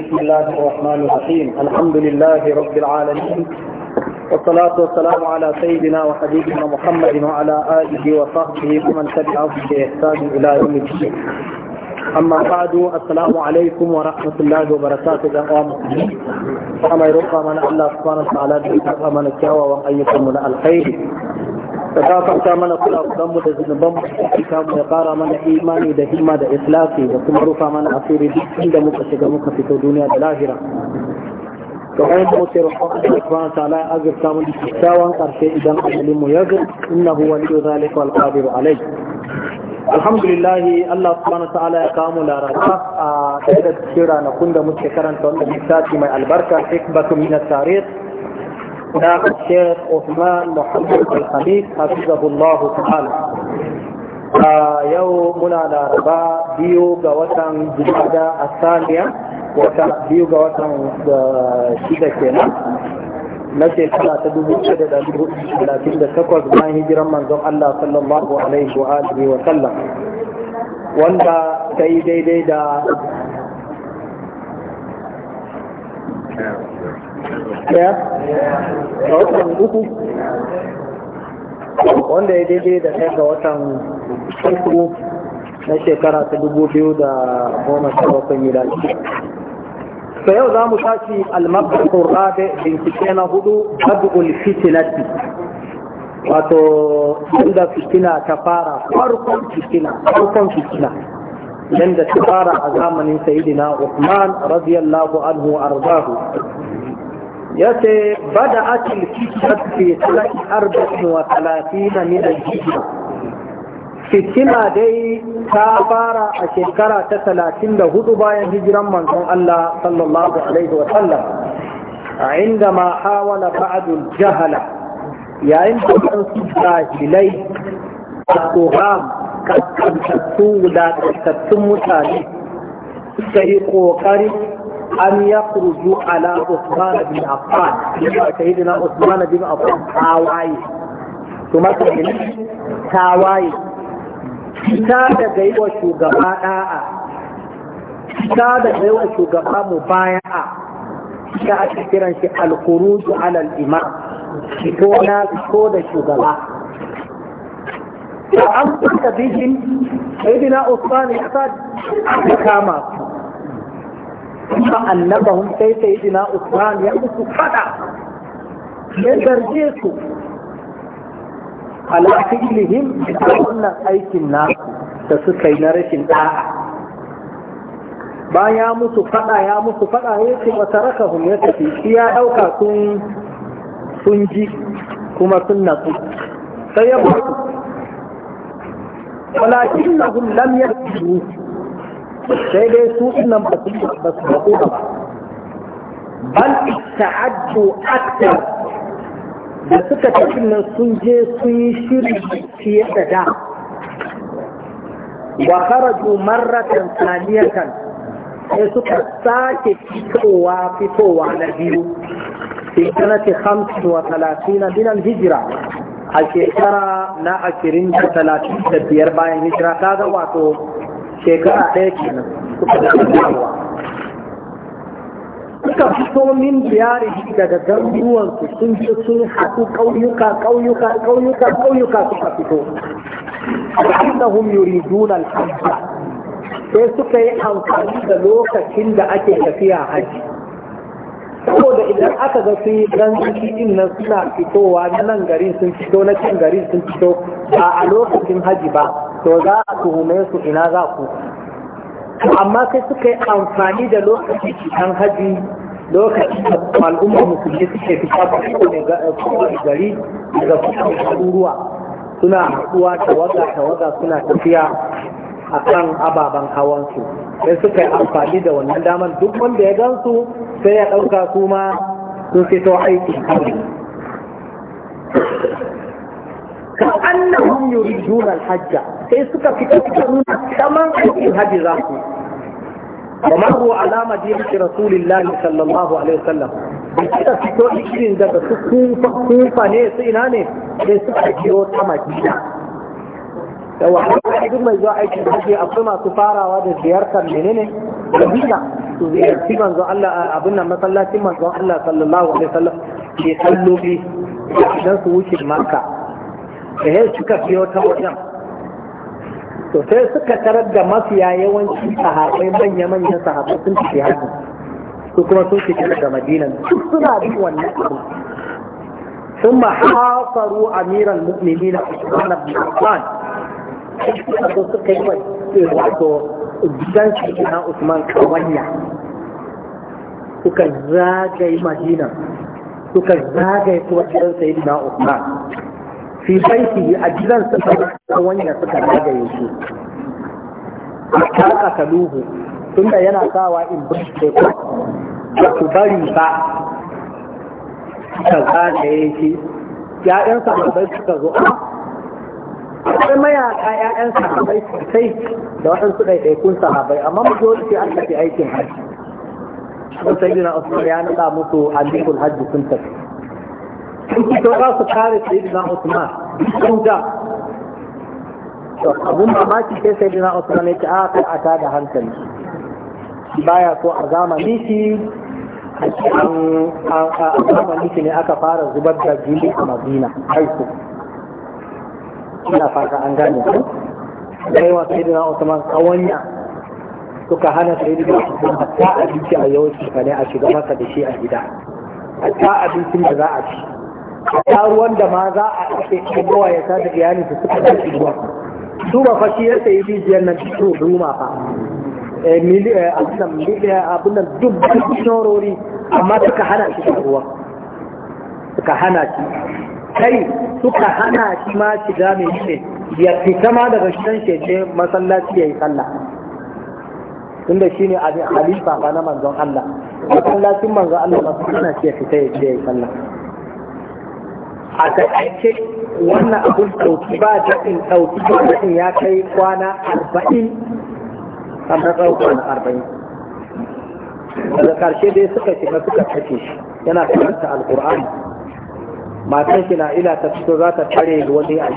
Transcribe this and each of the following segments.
بسم الله الرحمن الرحيم الحمد لله رب العالمين والصلاة والسلام على سيدنا وحبيبنا محمد وعلى آله وصحبه ومن تبعه بإحسان إلى يوم الدين أما بعد السلام عليكم ورحمة الله وبركاته دعوة مسلمين أما يرقى من الله سبحانه وتعالى بإحسان من الشاوى وأن يكون من الخير ka gafarta mana kulakulanmu da zunubanmu da mu ya kara mana imani da himma da islasi da kuma rufa mana asiri duk inda muka shiga muka fito duniya da lahira to kai mu ce roƙon Allah subhanahu wa ta'ala ya azurta mu da kyakkyawan karshe idan ajalin mu ya gani innahu waliyyu zalika wal qadir alai alhamdulillah Allah subhanahu wa ta'ala ya kawo mu laraba a ɗaya cikin ranakun da muke karanta wannan littafi mai albarka hikmatu min at-tarikh لا الشيخ عثمان محمد الخليل حفظه الله تعالى يومنا الأربعاء بيو غوطن جمادة الثانية بيو غوطن شيدة كينا na shekara ta dubu da talatin da takwas bayan hijiran manzon Allah sallallahu alaihi wa wa sallam wanda ta yi daidai da daya watan uku wanda ya daidai da ɗaya ga watan uku na shekara ta dubu biyu da goma sha bakwai miladi to yau za mu tashi almakar rabe bincike na hudu badul fitinati wato inda fitina ta fara farkon fitina farkon fitina yanda ta fara a zamanin sayidina Uthman radiyallahu anhu arzahu ya ce ba da akil fitnat fi talaki arba'in wa talatina min al-hijra fitina dai ta fara a shekara ta talatin da hudu bayan hijiran manzon Allah sallallahu alaihi wa sallam a inda ma hawala ba'dul jahala yayin da wasu jahilai a tsoham kaskantattun wulatantattun mutane suka yi ƙoƙarin. an ya kurju ala Usman bin Affan yana shahidina Usman bin Affan tawaye to maka ne tawaye ta da gaiwa shugaba ɗa'a, ta da gaiwa shugaba mu mubaya'a ta ake kiran shi al-khuruju ala al-imam ko na fito da shugaba da an kuka bihin sayyidina Usman ya sa kama su kuma annabahum sai sai ina usman ya musu fada ya zarge su ala fi'lihim da wannan aikin na da su kai na rashin da'a Ba ya musu fada ya musu fada ya ce wa tarakahum ya tafi ya dauka sun sun ji kuma sun natsu sai ya mutu walakinnahum lam yasjudu sai dai su innan ba su ba su bako ba ta'addu aktar da suka tafi nan sun je sun yi shiri fiye da da wa kharaju marratan thaniyatan sai suka sake fitowa fitowa na biyu في سنة خمس وثلاثين من الهجرة الشيكرة نا أكرين ثلاثين bayan hijira ta هذا wato. shekara ɗaya kenan suka dawo dawowa suka fito min biyari daga garuruwansu sun ce sun haɗu ƙauyuka ƙauyuka ƙauyuka ƙauyuka suka fito annahum yuri duna hajja sai suka yi amfani da lokacin da ake tafiya haji saboda idan aka ga sun yi gansuki din nan suna fitowa na nan garin sun fito na cin garin sun fito ba a lokacin haji ba to za a tuhume su ina za ku amma sai suka yi amfani da lokacin cikin haji lokacin da al'ummar musulmi suke fita kowane gari daga kowane garuruwa suna haɗuwa tawaga tawaga suna tafiya a kan ababen hawansu sai suka yi amfani da wannan damar duk wanda ya gansu sai ya ɗauka su ma sun fito aikin kawai ك أ ن ه م يريدون الحج كي إيه سكا كتبتهم كمان في الهدي ذاته وما هو علامة دين رسول الله صلى الله عليه وسلم بيتا كتو اكين دا سكوفا كوفا نيس اناني كي سكا كتو تمجينا لو حدوك دوما يزو عيش الهدي أفرما تفارا وادا زيارتا منيني لبينا تزيار سيمان زو الله أبنا مثلا سيمان زو الله صلى الله عليه وسلم يتلو بي لن سوش المكة da suka biyo ta wajen to sai suka tarar da mafiya yawanci sahabai manya-manyan sahabai sun tafi hajji su kuma sun fita daga madina suna bi wannan abu ثم حاصروا امير المؤمنين yi بن عفان gidan shi na Usman Kawanya suka zagaye Madina suka zagaye kuma gidan Sayyidina Usman fi baiti a gidan suka wanda suka ragaye shi ta Tun tunda yana sawa in burke ko ba ku bari ba ka zagaye shi ya'yansa ba bai suka zo akwai mayaka ‘ya'yan sahabai sosai da waɗansu ɗaiɗaikun sahabai amma majority an tafi aikin hajji sun sai dina usman ya naɗa musu alikul hajji sun tafi sun fito za su kare sayyidina Usman sun ja. abun mamaki sai sayyidina Usman ya ce a ah, kai a tada hankali baya so a zamani shi a zamani shi ne aka fara zubar da jini a Madina haiku ina fata an gane su sai wa sayyidina Usman kawanya suka hana sayyidina Usman hatta abinci a yawanci ne a shiga masa da shi a gida hatta abincin da za a ci ta ruwan da ma za a ake kowa ya sa da iyali su suka da shi ruwa. duba fa shi ya sayi rijiyar nan to duma fa eh, eh, eh, abin nan duk shorori amma suka hana shi da suka hana shi kai suka hana shi ma shiga mai shi ya fita ma daga shan shece masallaci ya yi sallah tunda shi ne abin halifa ba na manzon Allah masallacin manzon Allah masu hana shi ya fita ya ce ya yi sallah a takaice wannan abun ɗauki ba daɗin ɗauki ba daɗin ya kai kwana arba'in a matsayin kwana arba'in daga ƙarshe dai suka shiga suka kashe shi yana karanta alƙur'ani matan shi na ila ta fito za ta tare wani a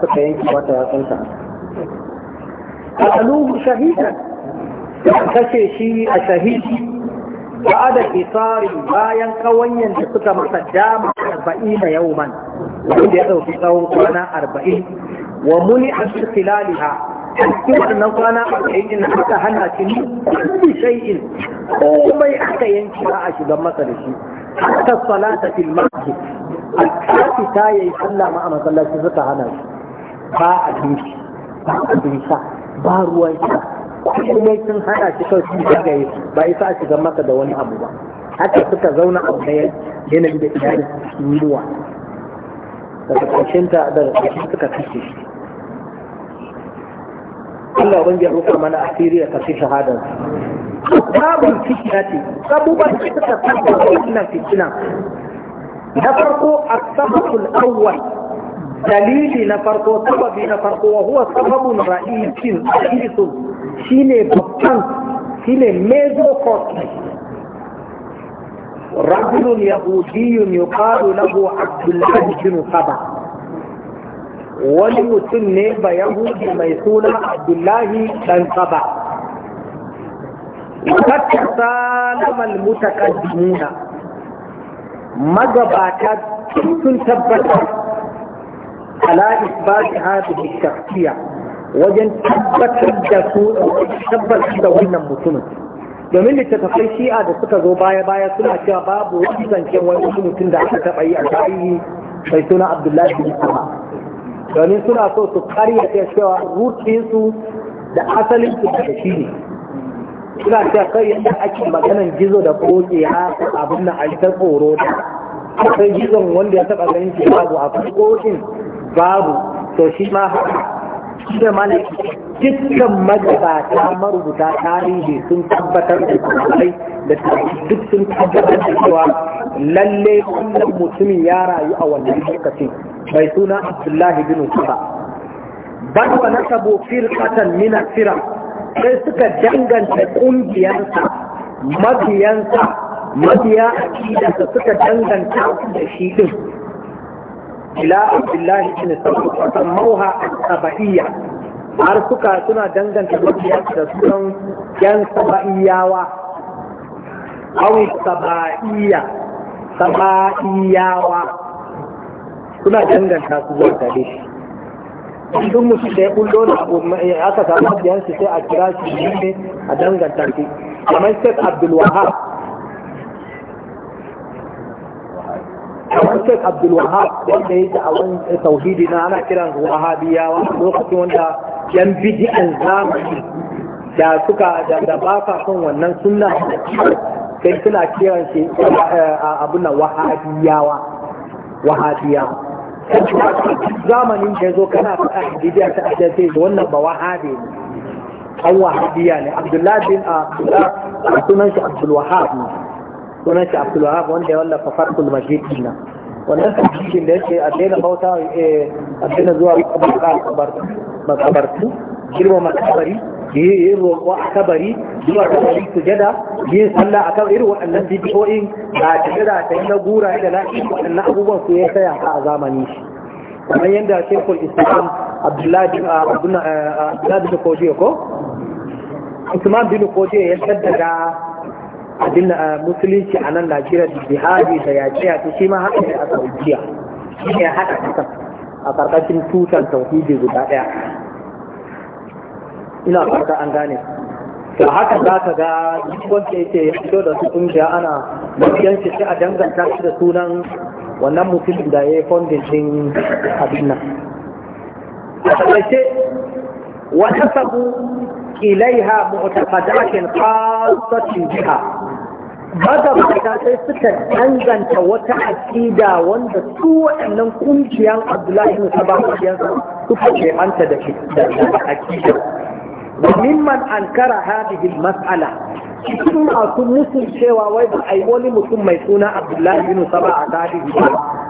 suka yanki mata yatsunta a aluhu shahidan kashe shi a shahidi ba da kisari bayan kawanyan da suka masa dama na yau yauman wanda ya ɗauki tsawon kwana arba'in wa muni a filaliha a cikin wannan kwana arba'in din aka hana shi kulli shay'in komai aka yanki ba a shigan masa da shi hatta salata fil masjid alkafi ta yi sallah ma a masallaci suka hana shi ba abinci ba abin sha ba ruwan sha komai sun hana shi kawai sun zagaye ba isa a shiga maka da wani abu ba haka suka zauna a ɗaya yanayi da iyali yiwuwa daga ƙarshen ta daga ƙarshen suka kashe shi Allah ban ya roƙa mana asiri ya kashe shahadar babun fitina ce abubuwan da suka kashe wannan fitina na farko a sababul awwal dalili na farko sababi na farko wa huwa sababun ra'isin ra'isun shine babban dukkan shi ne mezo kosai. Rakhudun Yahudiyun ya faru na buwa Abdullahi jirgin Wani mutum ne ba bayan mai suna Abdullahi dan kaba. Tattafai Salman mutu ka jima'a. Magaba ta ke tun tabbatar da ala'is ba wajen tabbatar da su tabbatar da wannan mutumin domin littattafai shi'a da suka zo baya-baya suna cewa babu wani zancen wani mutum da aka taɓa yi a tarihi mai suna abdullahi bin sama domin suna so su karya ta cewa rutinsu da asalin su da shi ne suna cewa kai yadda ake maganan gizo da koke ya abin na aitar tsoro da gizon wanda ya taɓa ganin shi babu akwai babu to shi ma haka da mana dukkan magabata marubuta tarihi sun tabbatar da sosai da duk sun tabbatar da cewa lalle wannan mutumin ya rayu a wannan lokacin bai suna abdullahi bin kufa bal wa nasabu firqatan min al sai suka danganta ƙungiyarsa, mabiyansa mabiya akida suka danganta da shi din ila abdullahi ibn sabit wa sammuha sabaiya har suka suna danganta dukiya da sunan yan sabaiyawa awi sabaiya sabaiyawa suna danganta su zuwa gare shi duk mutum da ya kullo da abu aka samu biyan su sai a kira shi ne a danganta shi kamar Sheikh Abdul kamar shek abdul wahab wanda ya da awon tauhidi na ana kiran wahabiyawa lokacin wanda yan bidi'an zamani da suka da ba ka son wannan sunna sai suna kiran shi eh, abun nan wahabiyawa wahabiyawa zamanin da zo kana faɗa bidiya ta ajiyar sai wannan ba wahabi ne an wahabiya ne abdullahi bin ah, abdullahi sunan shi abdul wahab ne sunan shi Abdulwahab wanda ya wallafa farkul Majid din wannan tafsirin da yake a daina bauta eh, a daina zuwa makabartu girma makabari yi roƙo a kabari zuwa ta kabari jada yi sallah a kabari irin waɗannan bidiyoyin da ta jira ta yi na gura da la'i waɗannan abubuwan su ya saya a zamani shi kamar yadda shekul islam abdullahi bin ah, eh, ah, kojiya ko usman bin kojiya ya tattara abin musulunci a nan Najeriya da jihadi da yaƙiya a shi ma haka ne a Saudiya shi ne haka kasan a ƙarƙashin tutar tauhidi guda ɗaya ina farka an gane da haka za ka ga wanda yake fito da su kungiya ana mafiyan shi a danganta shi da sunan wannan mutumin da ya yi fondin din abin nan a taƙaice wata sabu إليها معتقدات خاصة بها Baga mata sai suka danganta wata aƙida wanda su waɗannan ƙungiyar Abdullahi Musa ba ƙungiyarsa su ke anta da aƙida. Wa mimman ankara hadihil mas'ala cikin masu musun cewa wai ba a yi wani mutum mai suna Abdullahi bin Saba a tarihi ba.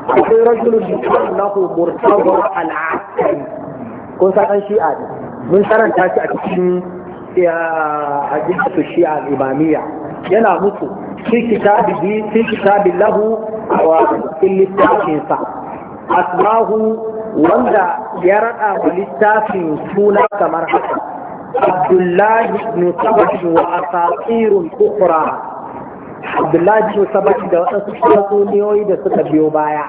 Akwai rajulun da Allah murtawa al'akari. Kun sa ɗan shi'a ne. mun karanta shi a cikin hadisi shi a imamiyya yana mutu fi kitabihi fi lahu wa fi littafinsa asmahu wanda ya rada wa littafin suna kamar haka abdullahi ibn sabah wa asatirun ukhra abdullahi ibn sabah da wasu sunaniyoyi da suka biyo baya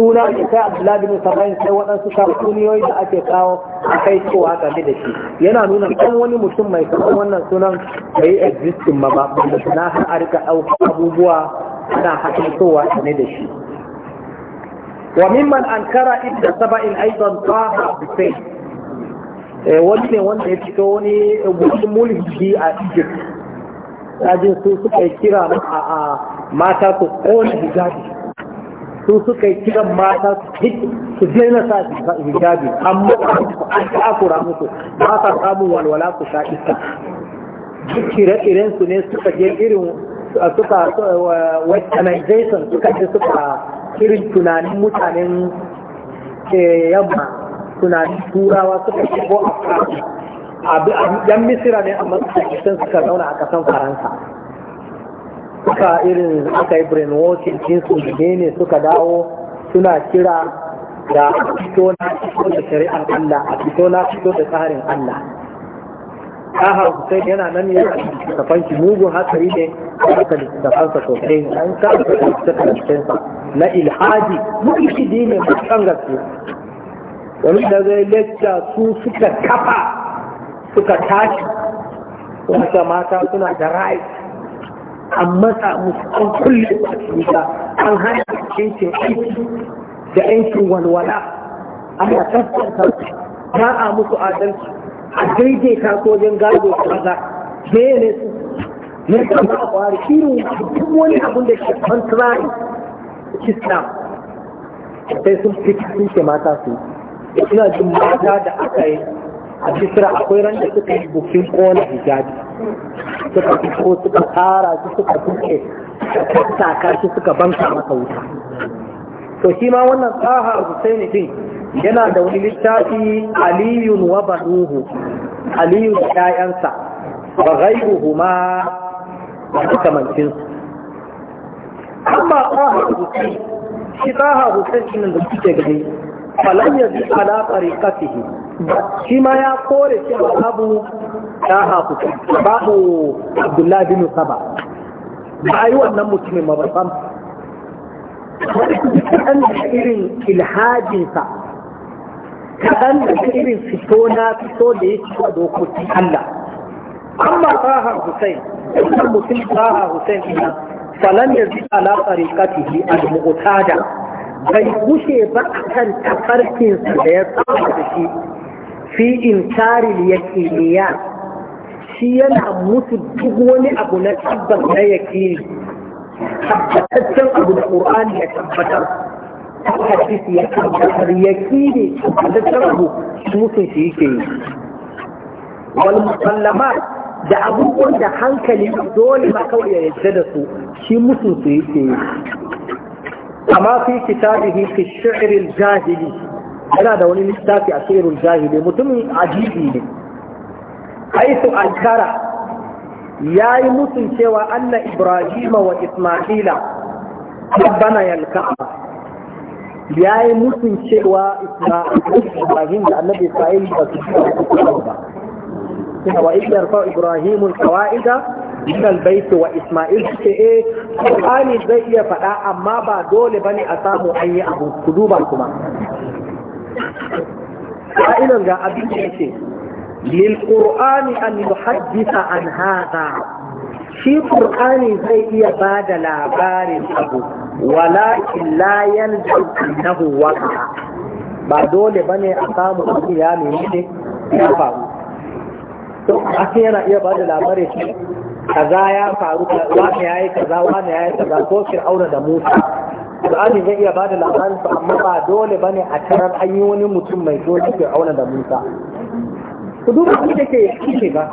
suna da ta abdullahi bin sarrain sai waɗansu sharkuniyoyi da ake kawo a kai cewa game da shi yana nuna kan wani mutum mai karɓar wannan sunan bai yi existin ba ba da suna har a rika ɗauka abubuwa ana cewa ne da shi Wa وممن أنكر ابن سبع أيضا طه حسين wani ne wanda ya fito wani mulki a Egypt sajin su suka kira a mata su tsawon hijabi su suka yi kiran mata su daina sa hijabi amma an akura musu ba sa samun walwala su sha iska duk ire-iren su ne suka je irin suka westernization suka je suka irin tunanin mutanen eh, yamma tunanin turawa suka yi a abi yan misira ne amma suka suka zauna a kasan faransa suka irin aka yi brainwashing ɗinsu ne suka dawo suna kira da fito na fito da shari'ar Allah a fito na fito da tsarin Allah Aha Hussein yana nan ne a littattafan shi mugun hatsari ne a aka littattafansa sosai an ka aka littattafansa na ilhaji shi ne mai kan gaske wani da zai lecture su suka kafa suka tashi wata mata suna da right an matsa musu an kulle a cikinta an hana yankin aiki da yankin walwala ana tattanta ba a musu adalci a daidai sojin gado kaza da ne su ne kama a kwari irin duk wani abin da ke contrary islam sai sun fi sun ce mata su ina jin mata da aka yi a bisira akwai ran da suka yi bukin kola hijabi suka fito suka tara su suka duke suka shi suka banka masa wuta to shi ma wannan tsaha husaini din yana da wani littafi aliyun wa banuhu aliyu da ƴaƴansa wa ghairuhu ma da su. amma tsaha husaini shi tsaha husaini nan da kuke gani falam yazid ala tariqatihi shi ma ya kore cewa babu taha kuka babu abdullahi bin saba ba yi wannan mutumin ba sam kaɗan da irin ilhajinsa kaɗan da irin fito na fito da ya ci a dokokin Allah amma taha Hussein wannan mutum taha Hussein ina falan da zai ala tsarikatihi al-mu'tada bai kushe ba kan tafarkinsa da ya tsara da shi fi inkaril yaqiniyan shi yana mutu duk wani abu na tabbas na yaqini tabbataccen abu da ƙur'ani ya tabbatar hadisi ya tabbatar yaqini tabbataccen abu musu shi yake yi wal musallamat da abubuwan da hankali dole ma kawai ya yadda da su shi mutum su yake yi amma fi kitabihi fi shi'ril jahili yana da wani littafi a sirrul jahili mutumin ajibi ne haitu ankara ya yi musun cewa anna ibrahima wa ismaila rabbana yalka'aba ya yi musun cewa ibrahim da annabi isra'il ba su ci ba suna wa idan fa ibrahimul kawaida? min albayt wa isma'il ce eh qur'ani zai iya faɗa amma ba dole bane a samu an yi abu ku duba kuma ka'idan ga abin da yake lil qur'ani an yuhaddisa an hadha shi qur'ani zai iya ba da labarin abu walakin la yalzu annahu waqa ba dole bane a samu abu ya menene ya faru to akai yana iya ba da labarin kaza ya faru kaza ya yi kaza wani ya yi kaza ko fir'auna da musa Qur'ani zai iya bada labarin su amma ba dole bane a tarar an yi wani mutum mai zo da auna da Musa ku duba shi da ke kike ba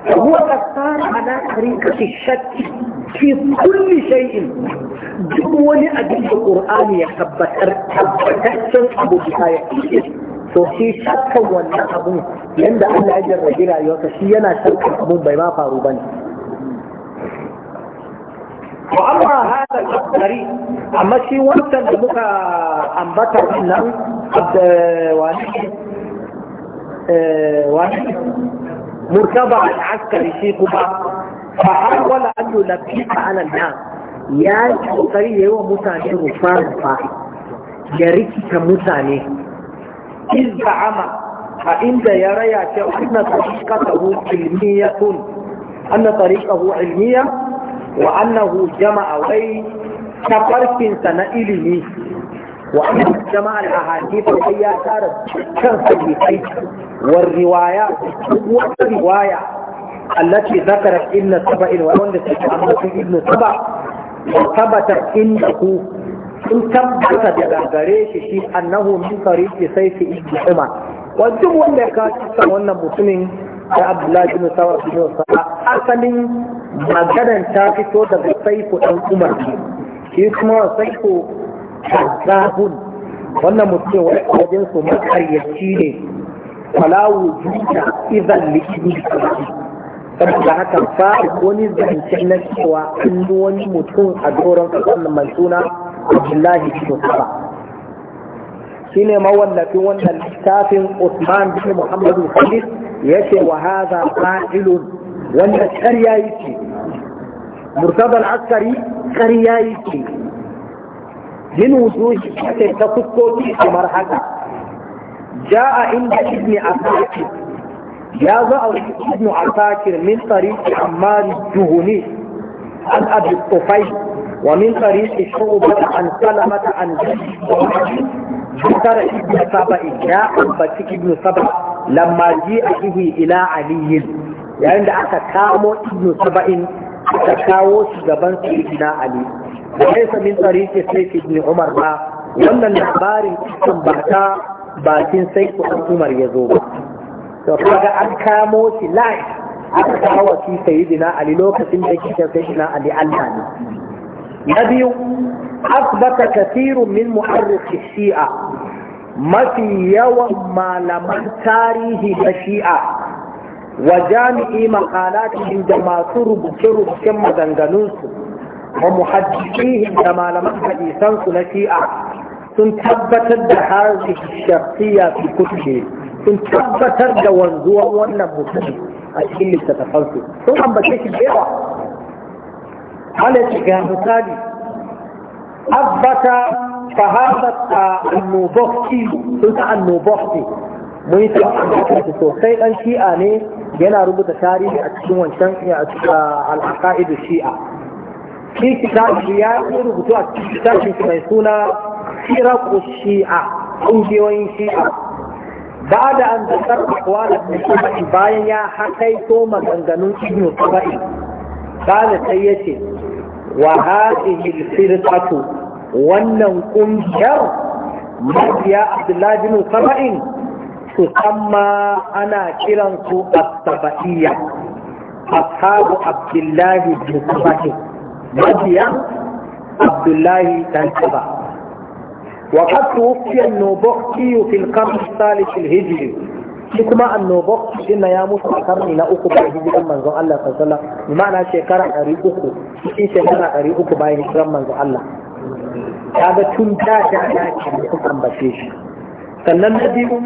هو قد على طريقة الشك في كل شيء جمولي أجل القرآن يتبتر تبتر ya بهاية to shi shakkan wannan abun yanda Allah ya jarrabe rayuwarsa shi yana shakkan abun bai ma faru bane وأما هذا العسكري أما شيء وقت لبك أنبتر عبد واني آه، واني مرتضى العسكري في قبا فحاول أن يلبيك على الناس يا أخضري هو متاني رفان فاحي ya rikita mutane izda ama a inda ya raya ان طريقته علميه ilmiyatun anna wa annahu jama'a wai tafarkinsa na ilimi wa annahu jama'a al-ahadith sai ya tara kan sahihai wa riwaya wata riwaya allati zakarat ibn saba'in wa wanda take ambata ibn saba wa tabata innahu in tabbata daga gare shi shi annahu wanda ya wannan mutumin da abdullahi bin sawar bin sa'a asalin maganar ta fito daga saifu dan umar shi kuma saifu kazzabun wannan mutum wani wajen su makaryaci ne fala wujuda idan likidi saboda haka ba wani zancen na cewa an wani mutum a doron kasan mai suna abdullahi bin sawar shine mawallafin wannan littafin Usman bin Muhammad Khalid yace wa hadha qa'ilun wannan ƙarya yake Murtada al-Askari ƙarya yake min wujuhi ake ta fuskoki kamar haka ja'a inda ibni Asakir ya zo a wani ibnu Asakir min tariqi Ammar Juhuni an Abi Tufayl ومن طريق شعبة عن سلمة عن جد ذكر ابن سبع جاء بتك ابن سبع لما جاء به إلى علي يعني أتى كامو ابن سبع تكاو سجبان سيدنا علي وليس من طريق سيف ابن عمر ما ولا الأخبار تنبهتا باكين سيف عمر يزوب فقال أن كامو سلاح أتى سيدنا علي لوكسين سيدنا علي الله na biyu أثبت كثير من محرك الشيعة ما في يوم ما لم تاريه الشيعة وجامع مقالات عندما ترب ترب كما دنغنوس ومحدثيهم كما لم حديثانس نشيئة تنتبت هذه الشخصية في كتبه تنتبت وانزوى وانا مسلم أشكل لتتفلسل ثم بشكل إيوه على تجاه ثالث abbata fahabat annubakti sun suna annubakti mun yi ta sosai dan shi'a ne yana rubuta tarihi a cikin wancan al'aqaidu shi'a shi ya yi rubutu a cikin shi mai suna siraku shi'a kungiyoyin shi'a بعد أن ذكرت bayan ya سبعي باين يا حكيتو مغنغنون ابن سبعي قال ce. wa hadhihi firqatu wannan kungiyar mabiya Abdullahi bin Saba'in ana kiran ku as-saba'iyya ashabu Abdullahi bin Saba'in mabiya Abdullahi dan وقد توفي النوبختي في القرن الثالث الهجري shi kuma annobok shi na ya mutu a karni na uku ba hijiran manzon Allah sallallahu alaihi wasallam ma'ana shekara ɗari uku cikin shekara ɗari uku bayan hijiran manzo Allah kaga tun da da da ke kun ambace shi sannan na biyu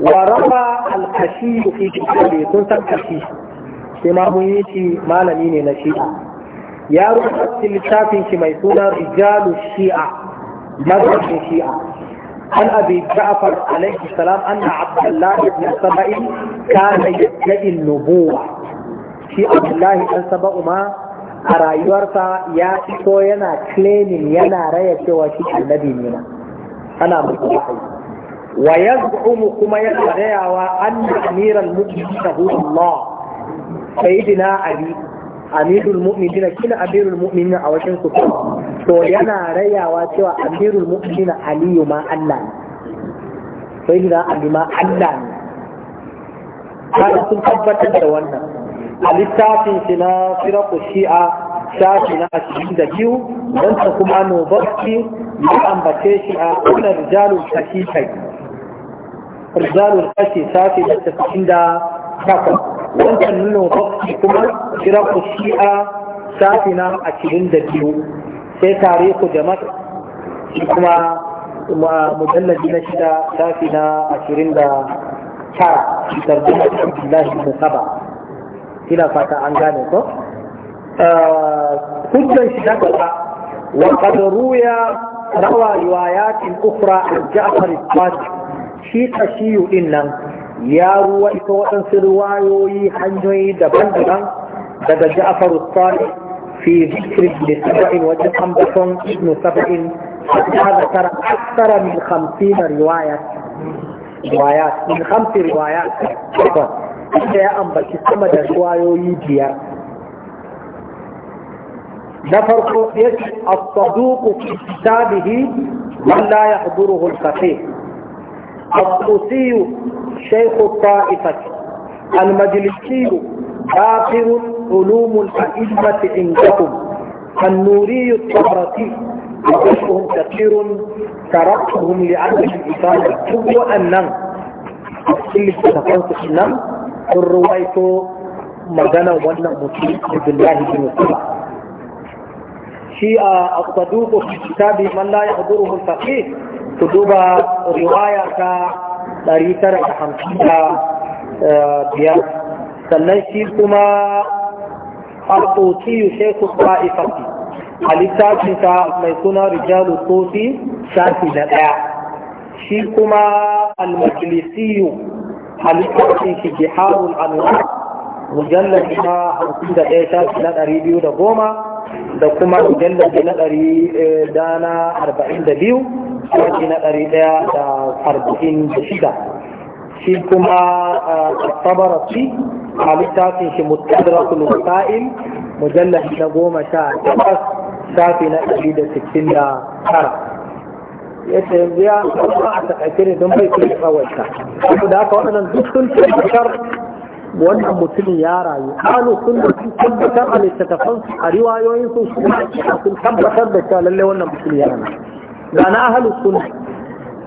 wa rafa al-kashi fi kitabi kun san kashi sai ma mun yi shi malami ne na shi'a ya rubuta littafin shi mai suna rijalu shi'a mazhabin shi'a An أبي جعفر عليه السلام أن عبد الله بن سبأ كان يدعي النبوة في عبد الله بن سبأ a rayuwarsa ya fito yana claiming yana raya cewa shi annabi ne ma. ana musu wahayi wa yaz'umu kuma yana rayawa anna amiral mu'minina hu Allah sayyidina ali amirul mu'minina kina amirul mu'minina a wajen su to yana rayawa cewa amirul mu'minina aliyu ma Allah ne sayyidina ali ma Allah ne kada sun tabbatar da wannan a littafin shi na firaku shi'a shafi na ashirin da biyu don ta kuma nobarci ya ambace shi a kuna rijalun kashi kai rijalun kashi shafi da tafiyin da takwas ta nobarci kuma firaku shi'a shafi na ashirin da biyu sai tarihu jama'a kuma مجلد من شدة شافنا عشرين دا شعر في ترجمة عبد shi بن سبع ina fata an gane ko hujjan shi ta gaba wa qad ruya rawa riwayatin ukhra an ja'far al-sadiq shi kashiyu din nan ya ruwa ita waɗansu ruwayoyi hanyoyi daban-daban daga ja'far al-sadiq في ذكر ابن سبع وجد أنبسون ابن سبع حتى ذكر أكثر من خمسين رواية روايات من خمس روايات فقط da ya ambaci sama da ruwayoyi biyar na farko ya ce as-saduqu fi kitabihi man la yahduruhu al-faqih الطوسي شيخ الطائفة المجلسي باقر علوم الأئمة عندكم النوري الطبرتي وجههم كثير تركتهم لأجل الإسلام هو أنهم اللي تفرنسش النم sun ruwaito maganar wannan mutum Abdullahi bin Musa shi a saduku kitabi man la yahduruhu al-faqih ku duba riwaya ta 950 biyar sannan shi kuma al-qutiyu shaykhu qa'ifati a littafinsa mai suna rijalu tosi shafi na ɗaya shi kuma al-majlisiyu halittar shi biharul anwar mujallar na hamsin da ɗaya shafi na ɗari biyu da goma da kuma mujallar na ɗari eh, da na arba'in da biyu shafi na ɗari ɗaya da arba'in da shida shi kuma eh, tsabara shi a littafin shi mutadrakul wasa'il mujallar na goma sha takwas shafi na ɗari da sittin da tara ya ce yanzu kuma a takaice ne don bai kuma tsawaita abu da haka waɗannan duk sun tabbatar wannan mutumin ya rayu alu sun tabbatar a littattafan a riwayoyin sun sun tabbatar da cewa lallai wannan mutumin ya rayu ga na ahalu sunna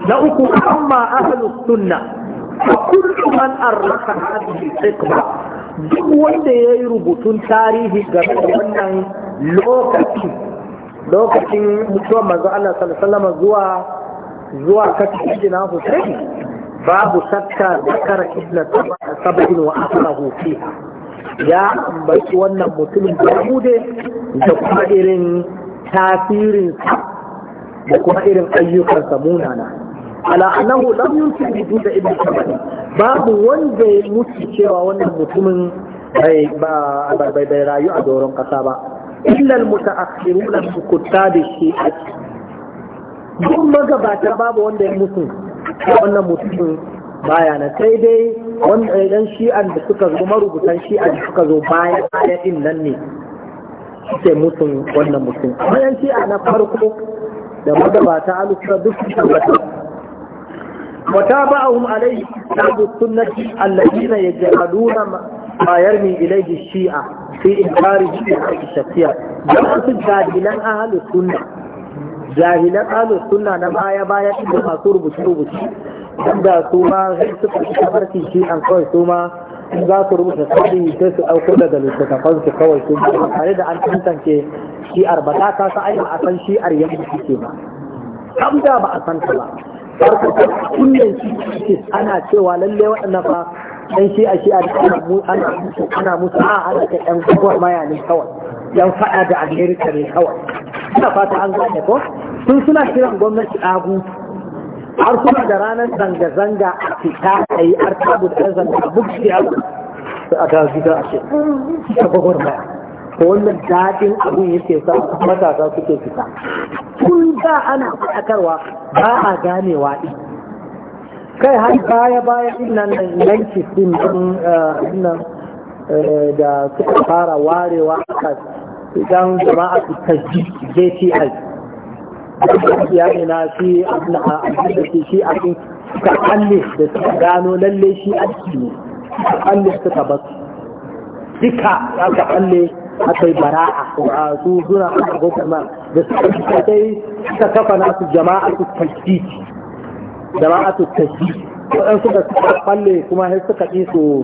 na uku amma ahalu sunna kullu man arraka hadhihi hikma duk wanda yayi rubutun tarihi game da wannan lokacin lokacin mutuwar manzo Allah sallallahu zuwa zuwa kashi jina Husaini babu shakka kara ibn sab'in wa akhrahu fiha ya ambaci wannan mutumin da hude, da kuma irin tasirin da kuma irin ayyukansa munana ala annahu lam yumkin da ibn sab'in babu wanda ya mutu cewa wannan mutumin bai bai rayu a doron kasa ba illa al da shi shi'a duk magabata babu wanda ya mutu wannan mutum baya na sai dai wanda idan shi'an da suka zo marubutan shi'an da suka zo baya baya din nan ne suke mutum wannan mutum amma yan shi'a na farko da magabata alusra duk su tabbata وتابعهم عليه أهل السنة الذين يجعلون ما يرمي إليه الشيعة في إنكار الشيعة الشخصية جاءت جاهلا أهل السنة جاهلا أهل السنة نم آية باية إبن أسور بشيء بشيء عند سوما shi an kawai su ma. In za su rubuta sabbin sai su ɗauko daga littattafan su kawai su ba tare da an tantance shi'ar ba ta kasa ai ba a san shi'ar yadda suke ba abda ba a san ta ba farko kullum shi ana cewa lalle waɗannan fa dan shi a shi a ana musu ana musu a ana ta yan gwar maya ne kawai yan fada da amerika ne kawai ina fata an zaɓe ko sun suna kiran gwamnati agu har kuma da ranar zanga-zanga a fita a yi har tabu da zanga a bukci Su a gazi da a ce hmm, ta gwagwar maya ko wannan daɗin abin yake sa matasa suke fita tun da ana faɗakarwa ba a ganewa ɗin kai har baya baya nan yanki din eh, nan eh, da suka fara warewa aka idan jama'a su ta jti ya ne na shi abin a shi abin suka kalle da suka gano lalle shi aiki ne suka kalle suka basu duka aka kalle aka yi bara'a a su suna aka gogama da suka kai suka kafa nasu jama'a su tajjiti jama'atu tashi wadan suka kalle kuma har suka yi su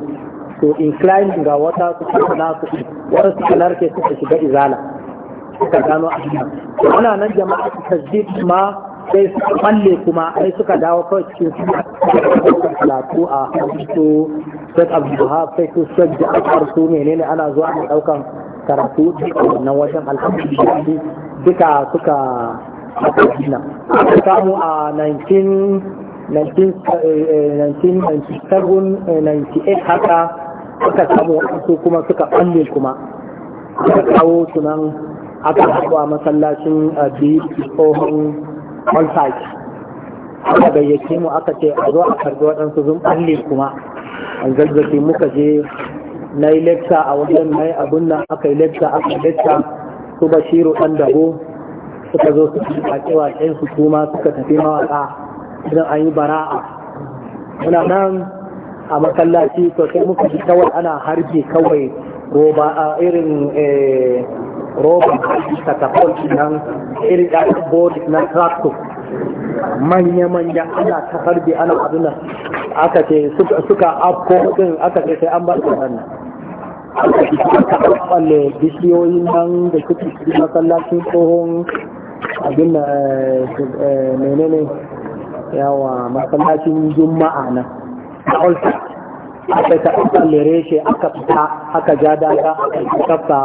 to incline ga wata su kuma na su wadan suka narke suka shiga izala suka gano abin wannan nan jama'atu tashi ma sai suka kalle kuma sai suka dawo kawai cikin su ku a hadisu sai da sai su sajja akar su menene ana zuwa ana daukan karatu a wannan wajen alhamdulillah duka suka a kaduna aka samu a 1997 eh, eh, haka suka samu wasu kuma suka ɓalle kuma suka kawo sunan aka haɗu masallacin eh, biyu tsohon on aka gayyace mu aka ce a zo a karbi waɗansu sun ɓalle kuma an zazzafi muka je na yi lecta a wajen na yi abin nan aka yi lecta aka lecta su bashiru ɗan dago suka zo su wa waƙen su kuma suka tafi mawaƙa idan an yi bara'a muna nan a masallaci to sai muka ji kawai ana harbi kawai roba a irin eh, roba katakon nan irin ɗakin bodi na tractor manya-manya ana ta harbi ana abin aka ce suka afko din aka ce sai an bar nan aka ce suka kalle bishiyoyin nan da suke cikin masallacin tsohon abin da eh, menene yawa masallacin juma'a na a ulta aka ta ulta lere shi aka fita aka ja daga aka yi kafa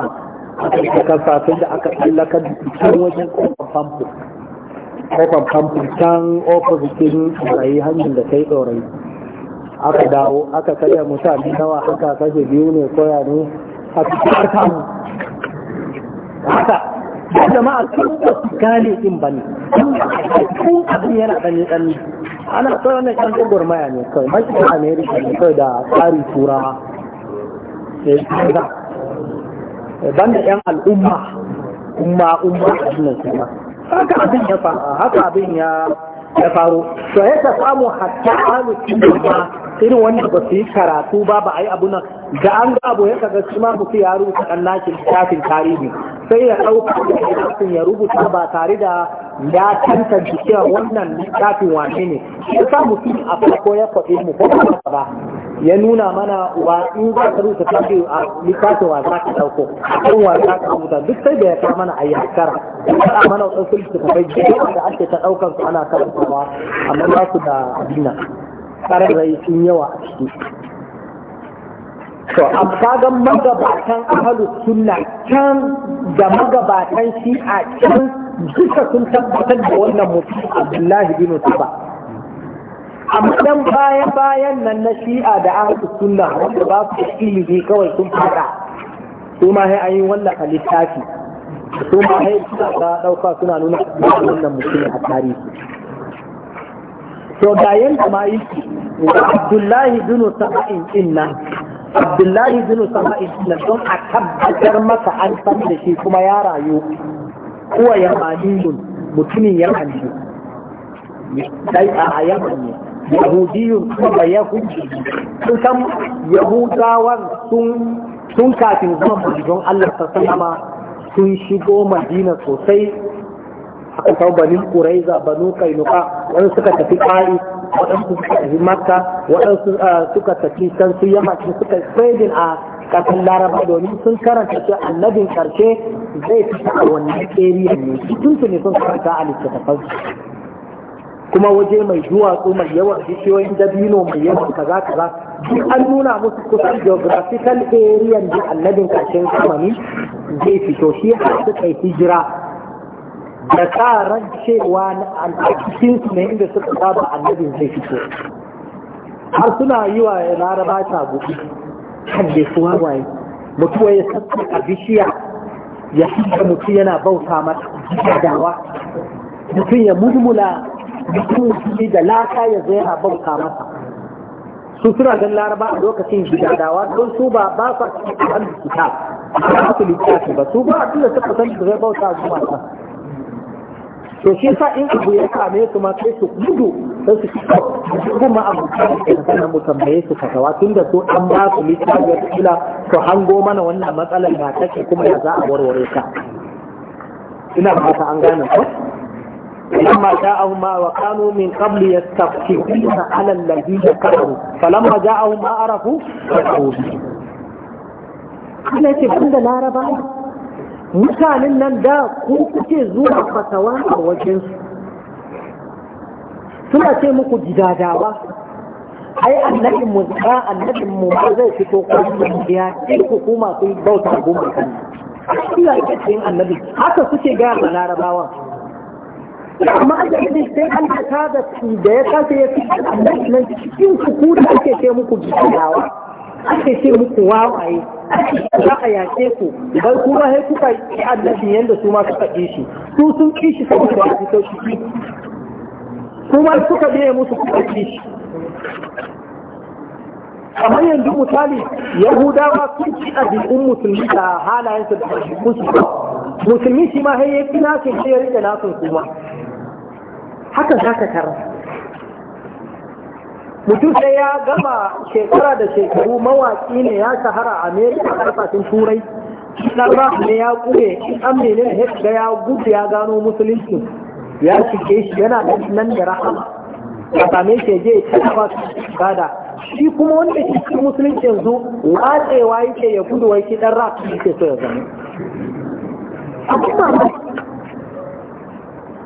aka tun da aka tsallaka cikin wajen kofar famfo kofar famfo can ofisitin rayu hanyar da ta yi tsorai aka dawo aka karya mutane nawa aka kashe biyu ne koya ne a cikin mu jama'a sun ba su gane din ba ne kun abin yana ɗan ɗan ana kawai wannan ɗan gwagwarmaya ne kawai mashi amerika ne kawai da tsari turawa eh, eh, da yan al'umma umma umma a nan kuma haka abin ya haka abin ya ya faru to ya ta samu hatta ahlu sunna irin wanda ba su yi karatu ba ba a yi abu nan da an ga abu ya kaga shi ma mutu ya rubuta kannaki littafin tarihi sai ya ɗauka littafin ya rubuta ba tare da ya tantance cewa wannan littafin wane ne ya sa mutum a farko ya faɗi mu ko ba ya nuna mana wa in za ka rusa kafi a littafin wasa ka ɗauko a kan wasa ka rubuta duk sai da ya ka mana a yankara ya mana wasu littafai da da ake ta ɗaukar su ana karantawa amma za su da abina ƙararrai sun yawa a ciki to amma ga magabatan ahalu sunna can da magabatan shi'a can duka sun tabbatar da wannan mutum abdullahi bin saba amma dan bayan bayan nan na shi'a da ahlus sunna wanda ba su ilimi kawai sun fada su ma sai ayi wannan littafi su ma sai suna da dauka suna nuna wannan mutumin a tarihi to da yanda ma yake Abdullahi bin Sa'in inna Abdullahi bin Sa'in inna don a tabbatar maka an san da shi kuma ya rayu kuwa yamaniyun mutumin yamani dai a yaman yahudiyun kuma yahudi sun san yahudawan sun sun kafin zuwan manzon Allah ta sallama sun shigo madina sosai aka kawo banin kuraiza banu kainuka wani suka tafi ƙari waɗansu suka tafi makka waɗansu ah, suka tafi can su yammacin suka trading a ƙasar laraba domin sun karanta ce annabin ƙarshe zai fita a wannan area ne tun ne sun karanta a littattafan kuma waje mai duwatsu mai yawan bishiyoyin dabino mai yawa kaza kaza duk an nuna musu kusan geographical area da annabin karshen zamani zai fito shi har suka yi hijira da tsaran cewa na cikin su ne inda suka saba annabin zai fito har suna yi wa laraba ta gudu kan da su hawaye mutuwa ya sassa a bishiya ya hijja mutu yana bauta mata dawa mutum ya mulmula bikin musulmi da laka ya zai a bauta masa su suna gan laraba a lokacin gidadawa don su ba ba sa cikin an kitab ba su littafi ba su ba a da suka san da zai bauta su mata to shi sa in abu ya kame su ma sai su gudu sai su fito su kuma abu da sanan mu tambaye su tun da su an ba su lita ya kila to hango mana wannan matsalar ba take kuma ya za a warware ka. ina ba ta an gane ko لما جاءهم ما وكانوا من قبل يستفتحون على الذين كفروا فلما جاءهم ما عرفوا كفروا ana ce ban da laraba mutanen nan da ku kuke zuwa fatawa a wajensu suna ce muku gidadawa ai annabin mu za annabin mu ba zai fito kwanan ya ce ku kuma bauta goma kan Allah ya ce annabi haka kuke ga larabawa amma da ne sai an ta da da ya kasa ya fi nan cikin kuku da ake ce muku gidawa ake ce muku wawaye za a yace ku bai kuma sai kuka yi annabi yadda su ma suka ƙi shi su sun ƙi shi saboda ba su shi kuma suka biya musu kuka ƙi shi kamar yanzu misali yahudawa sun ci ɗabi'un musulmi da halayensu da ɗabi'un su musulmi shi ma har ya fi nasu ya rike nasu kuma haka za ka tarar mutum sai ya gama shekara da shekaru mawaƙi ne ya shahara a amerika ƙarfafin turai ɗan rap ne ya ƙure ɗan mene ne ga ya gudu ya gano musulunci ya shige shi yana da nan da rahama a same shi je ya taɓa gada shi kuma wanda shi cikin musulunci yanzu watsewa yake ya gudu wai shi ɗan rap yake so ya zama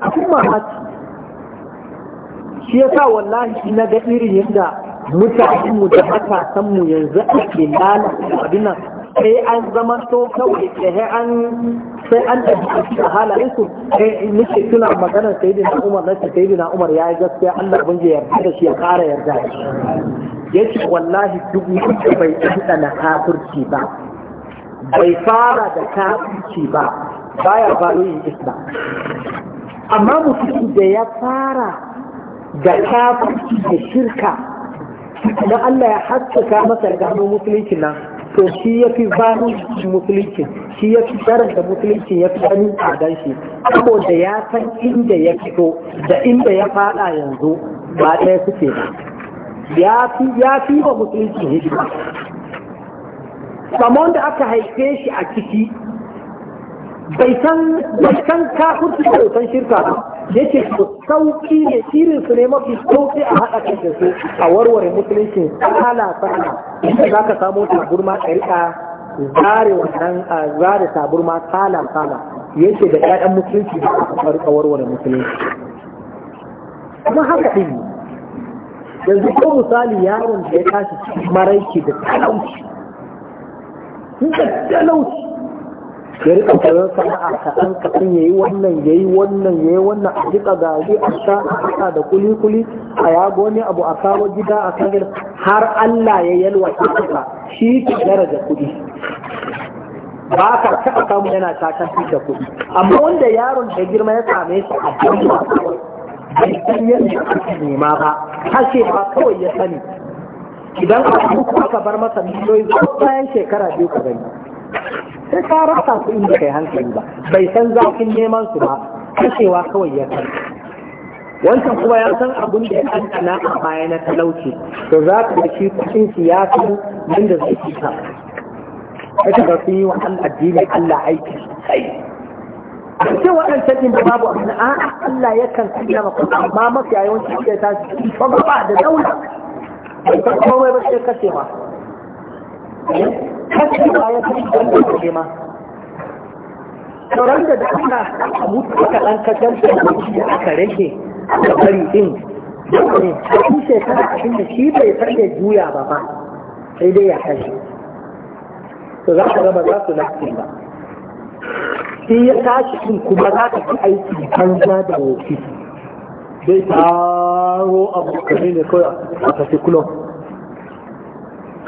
a kuma a shi yasa wallahi na ga irin yadda mutane mu da matasan mu yanzu ake lalata abin nan sai an zama to kawai sai an sai an da shi halayen su sai eh, nake tuna maganar sayyidina Umar na sayyidina Umar yayi gaskiya Allah bin ya yarda da shi ya kara yarda yace wallahi duk mutum bai na kafirci ba bai fara da kafirci ba baya faruwar islam amma mutum da ya fara da kafa da shirka na Allah ya haskaka masa da hannun musulunci nan to shi ya fi bani musulunci shi ya fi tsarar da musulunci ya fi a tsadan shi saboda ya san inda ya fito da inda ya fada yanzu ba ɗaya suke ba ya fi ba musulunci hidima kamar da aka haife shi a ciki bai san kafirci da san shirka ba yake su sauƙi ne irin su ne mafi sauƙi a haɗa kai da su a warware musulunci kala kala za ka samo taburma ka rika zare wannan zare taburma kala kala yake da ƴaƴan musulunci da aka rika warware musulunci kuma haka din yanzu ko misali yaron da ya tashi maraiki da talauci da talauci ya rika koyon sana'a an kaɗan ya yi wannan ya yi wannan ya yi wannan a jika gari a sa a da kuli-kuli a yago wani abu a kawo gida a kan har Allah ya yalwa shi ta shi ke daraja kuɗi ba ka a samu yana takan da kuɗi amma wanda yaron da girma ya same shi a jirgin bai san yadda ake nema ba kashe ba kawai ya sani idan aka bar masa miliyoyi bayan shekara biyu ka gani sai ka rasa su inda kai hankali ba bai san zafin neman su ba kashewa kawai ya san wancan kuma ya san abun da ya kankana a baya na talauci to za ka da shi kuɗin su ya san yadda zai fi ka kace ga sun yi wa addinin Allah aiki sai ce waɗancan ɗin da babu abin a'a Allah yakan kalla maka amma mafi yawanci sai ta shi ba da daula ba komai ba sai kashewa kashi a wata cikin da ke ma sauran da ana mutu aka ɗan kajan da mutu da aka rage da bari ɗin ne shi shekara abin da shi bai san da juya ba ba sai dai ya kashi to za ka raba za su lafi ba shi ya tashi ɗin kuma za ka fi aiki banza da wofi zai taro abokanai ne kawai a tafi kulon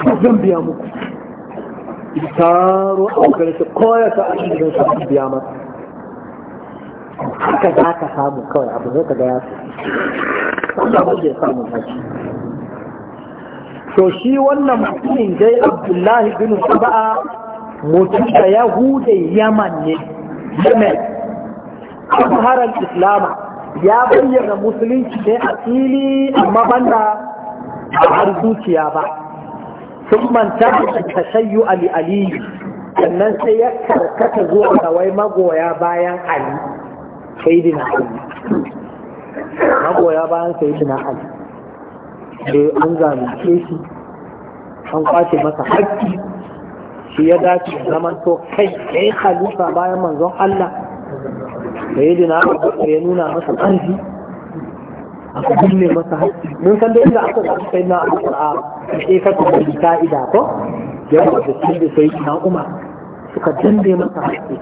zan biya muku taro a ƙarshe koya ta a cikin zan biya masa haka za ka samu kawai abu zai ka gaya su wanda ba zai samu haji to shi wannan mutumin dai abdullahi bin saba'a mutum da yahudai yaman ne yemen harar islama ya bayyana musulunci ne a fili amma banda a har zuciya ba sun manta da tashayyu ali ali sannan sai ya karkata zuwa kawai magoya bayan ali sayyidina ali magoya bayan sayyidina ali da an zalunce shi an kwace masa haƙƙi shi ya dace zaman to kai kai khalifa bayan manzon Allah sayyidina ali ya nuna masa ƙarfi aka binne masa haƙƙi mun san dai inda aka zaɓi sai na a shekatu da ka'ida ko yawa da sun da sai na umar suka danne masa haƙƙi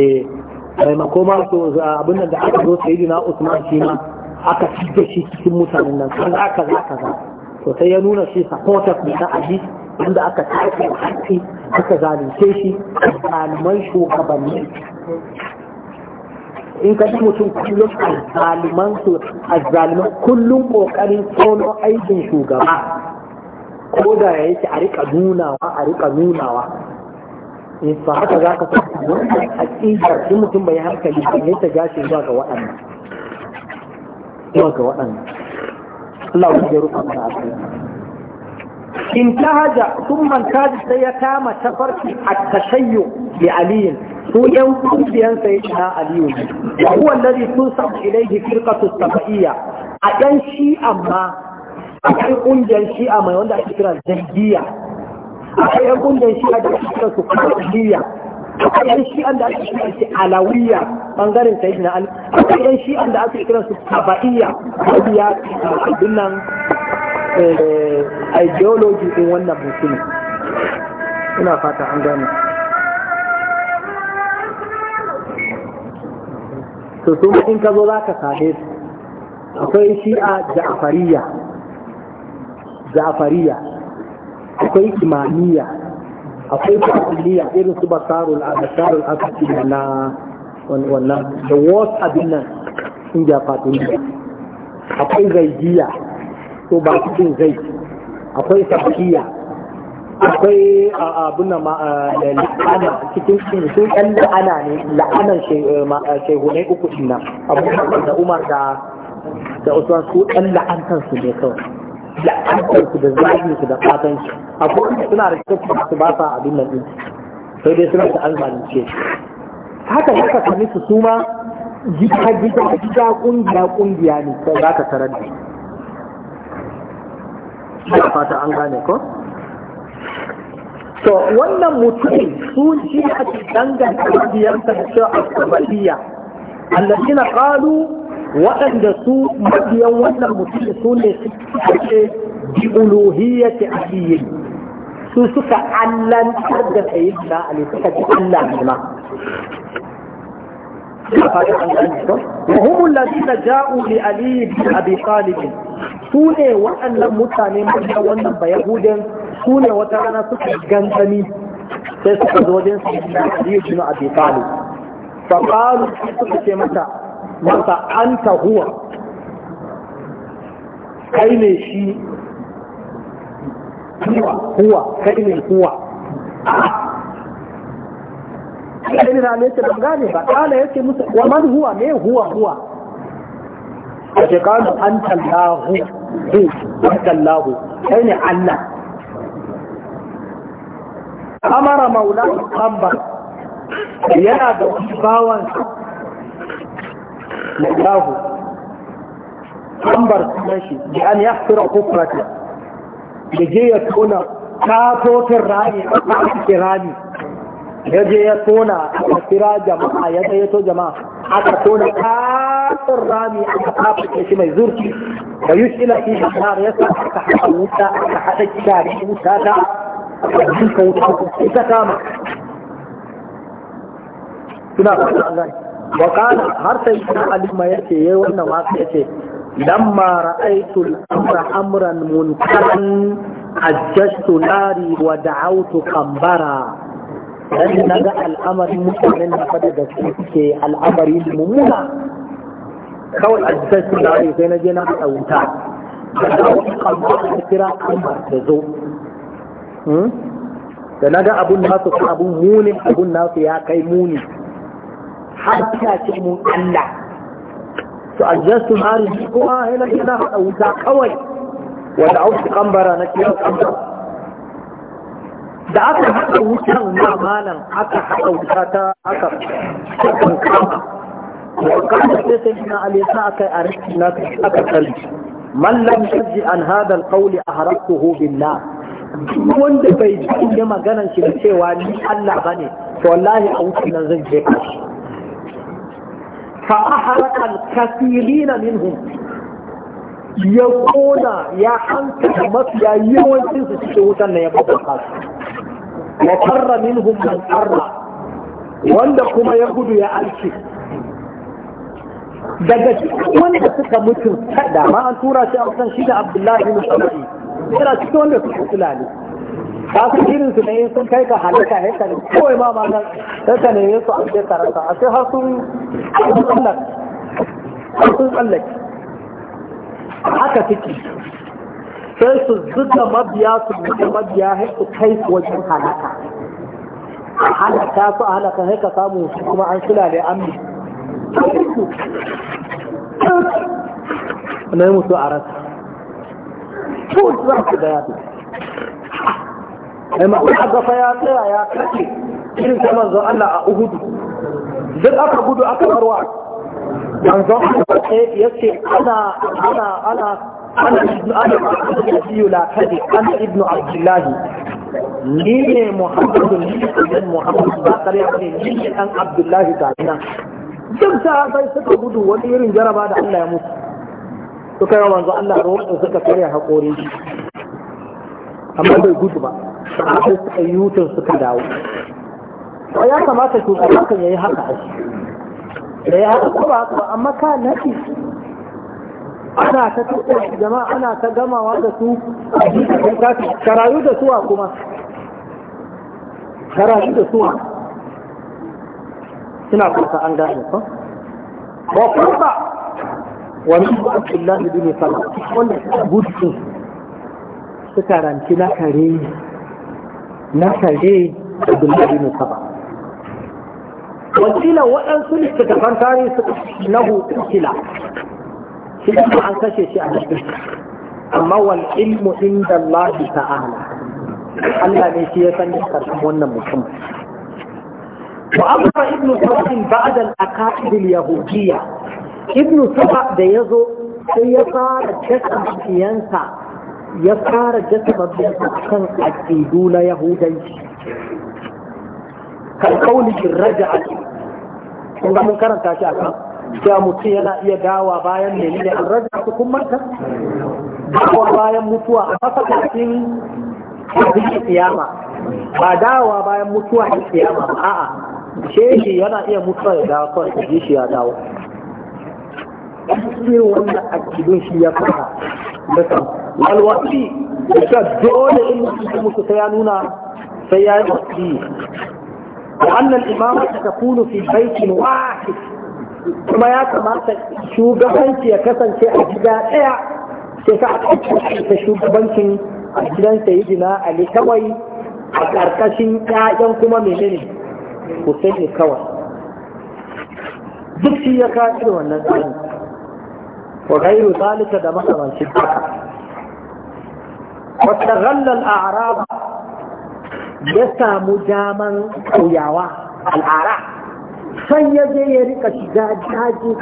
eh maimako ma so abin da aka zo sai na usman shi ma aka fi da shi cikin mutanen nan kaza kaza kaza to sai ya nuna shi supporters ne na ali wanda aka tafi haƙƙi aka zalunce shi a ɗaliban shugabanni in ka ji mutum kullum azzaliman su azzaliman kullum kokarin tono aikin shugaba ko da ya yake a rika nunawa a rika nunawa in fa haka za ka san a aqidar in mutum bai hankali ba ne ta gashi zuwa ga waɗannan zuwa ga waɗannan Allah ya rubuta a cikin intahaja sun mantaji sai ya kama tafarki a tashayyo da aliyin su yan kungiyansa ya na aliyu wa huwa alladhi tunsabu ilayhi firqatu sab'iyya a ɗan shi amma akwai ƙungiyar shi'a mai wanda ake kira zangiya akwai yan ƙungiyar shi'a da ake kira su kwaniliya akwai yan shi'an da ake kira su alawiya bangaren sayyidina ali akwai yan shi'an da ake kira su taba'iyya wanda ya abin nan Eh, eh, ideology din wannan mutumin ina fata an gane to sun in ka zo za ka same su akwai shi'a ja'afariya ja'afariya akwai imaniya akwai fa'iliya irin su basarul basarul asaki na wannan da wasu abin nan sun jafatun akwai gaigiya to ba cikin zai akwai safiya akwai abin da la'ana cikin su yan la'ana ne la'anan eh, eh, shehunai uku din nan abubakar da umar da da usman su yan la'antar su ne kawai la'antar su da zagin su da fatan su akwai suna da cikin su ba sa abin nan din sai dai suna da an zalunce haka haka kamisu su ma gida gida gida kungiya kungiya ne sai za ka tarar da fata an gane ko to wannan mutumin sun shi ake danganta mabiyansa da cewa al-kabaliya allazina qalu waɗanda su mabiyan wannan mutumin su ne suka ce bi uluhiyyati su suka allantar da sayyidina ali suka ce Allah ne ma وهم الذين جاءوا لعلي بن ابي طالب su ne waɗannan mutane mafiya wannan ba yahudan su ne wata rana suka gangami sai suka zo wajen su yi aliyu jino a bekalu fa qalu suka ce mata mata ta huwa kai ne shi huwa huwa kai ne huwa kai ne rane ta gane ba ƙala yake musu wa man huwa ne huwa huwa a shekaru an tallahu hu wakallahu kai ne Allah amara maula kamba yana da bawan maulahu kambar sunan shi bi an yahsira kufrata da je ya tona kafofin rami a cikin rami ya je ya tona a kira jama'a ya tsaye to jama'a أتكون حاط الرامي أن أخاف الكيش ما يزورك ويشئل في شهر يسعى تحت الوطة تحت الشارع الوطة تحت الوطة تحت وقال هر سيدنا علي ما يأتي يا وانا ما يأتي لما رأيت الأمر أمرا منكرا أججت ناري ودعوت قنبرا dan naga al'amarin mutanen da fada da suke al'amarin mummuna kawai a jikin sun da wani sai na je na haɗa wuta da na wani kalma da kira kalma da zo hmm? da na ga abun nasu su abun muni abun nasu ya kai muni har ta ce mun Allah to a jikin sun hari ko a na je na haɗa wuta kawai wanda auki kambara na kira kambara da aka haɗa wutan na malam aka haɗa wuta ta aka kama wakanda sai sai na alisa aka yi a rikin na aka tsari mallam yaji an hadal qawli aharatuhu billah wanda bai ji maganan shi da cewa ni Allah bane to wallahi a wutan nan zan je kashi fa aharaka al-kathirina minhum ya kona ya hankali mafiya yawancin su cikin wutan na ya babbaka wa farra minhum man farra wanda kuma ya gudu ya alki daga cikin wanda suka mutu da ma an tura shi a kan shi da abdullahi bin sabari yana cikin wanda suka fulani ka su irin su ne sun kai ka halaka haka ne kawai ma ma nan ka ne su an je karanta a sai har sun tsallake har sun tsallake haka suke sai su zuga mabiya su zuga mabiya sai su kai su wajen halaka a halaka su a halaka sai ka samu su kuma an sula da an na yi musu a rasa ko za su da yafi ai ma'a gafa ya tsaya ya kashe irin ta manzon Allah a Uhudu duk aka gudu aka barwa manzon Allah ya ce ana ana ana ana ibnu adam la kadi ana ibnu abdullahi ni ne muhammadu ni ne muhammadu ba kariya ne ni ne dan abdullahi ta nan duk sahabai suka gudu wani irin jaraba da Allah ya mutu suka yi wanzu Allah roƙo suka karya haƙorin shi amma bai gudu ba sahabai suka yi yutun suka dawo to ya kamata shugaban kan yayi haka a shi da ya haka ko ba haka amma ka nafi ana ta tuɓe jama'a ana ta gamawa da su karayu da suwa kuma karayu da suwa suna kusa an gane ko wa kuma wa min Abdullah ibn Salam wannan gudun suka ranci na kare na kare Abdullah ne Salam wakilan waɗansu littattafan su na nahu kila kuma an kashe shi a cikin amma wal ilmu inda Allah ta'ala Allah ne shi ya san karshen wannan mutum وأمر ابن سبع بعد الأكائد اليهودية ابن ya fara يزو يصار kan ينسى na جسم Kan أكيدون يهودا a بالرجعة kuma mun karanta shi a kan da mutum yana iya dawa bayan ne ne an raja su kun manta dawa bayan mutuwa a mafakacin abin kiyama ba dawa bayan mutuwa a kiyama ba a'a shehi yana iya mutuwa ya dawa kawai ka ji shi ya dawo irin wannan akidun shi ya fara da walwasi da ka dole in mutum mutu sai ya nuna sai ya yi wasi وأن الإمامة تكون في بيت واحد kuma ya kamata shugabanci ya kasance a gida ɗaya sai ka ta shugabancin a gidan sayidina ali kawai a ƙarƙashin ƴaƴan kuma menene Hussein kawai duk shi ya da wannan tsarin wa gairu zalika da makamancin haka araba? Ya samu daman ƙauyawa al'ara' san ya je ya rika shiga daji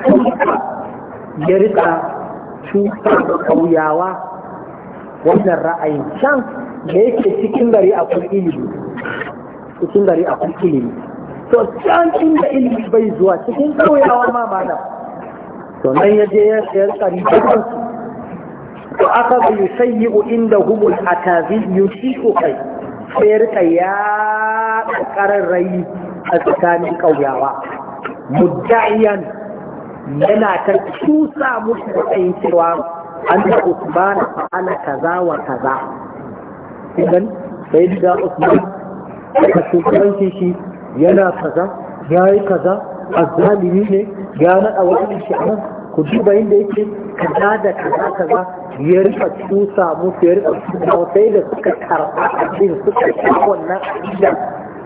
ya rika cutar da kauyawa wannan ra'ayin can da yake cikin gari a kun ilimi cikin gari a kun ilimi to can inda ilimi bai zuwa cikin kauyawa ma malam to nan ya je ya rika rikitar to aka bai yi inda humul atazi yushiku kai sai ya rika ya ƙararrayi a tsakanin ƙauyawa mudda'iyan yana ta cusa musu matsayin cewa an da usman fa'ala kaza wa kaza idan sai da usman ka shi yana kaza ya yi kaza zalimi ne ya naɗa wani shi ku duba inda yake kaza da kaza kaza ya rika cusa musu ya rika tusa sai da suka karɓa abin suka shi wannan abin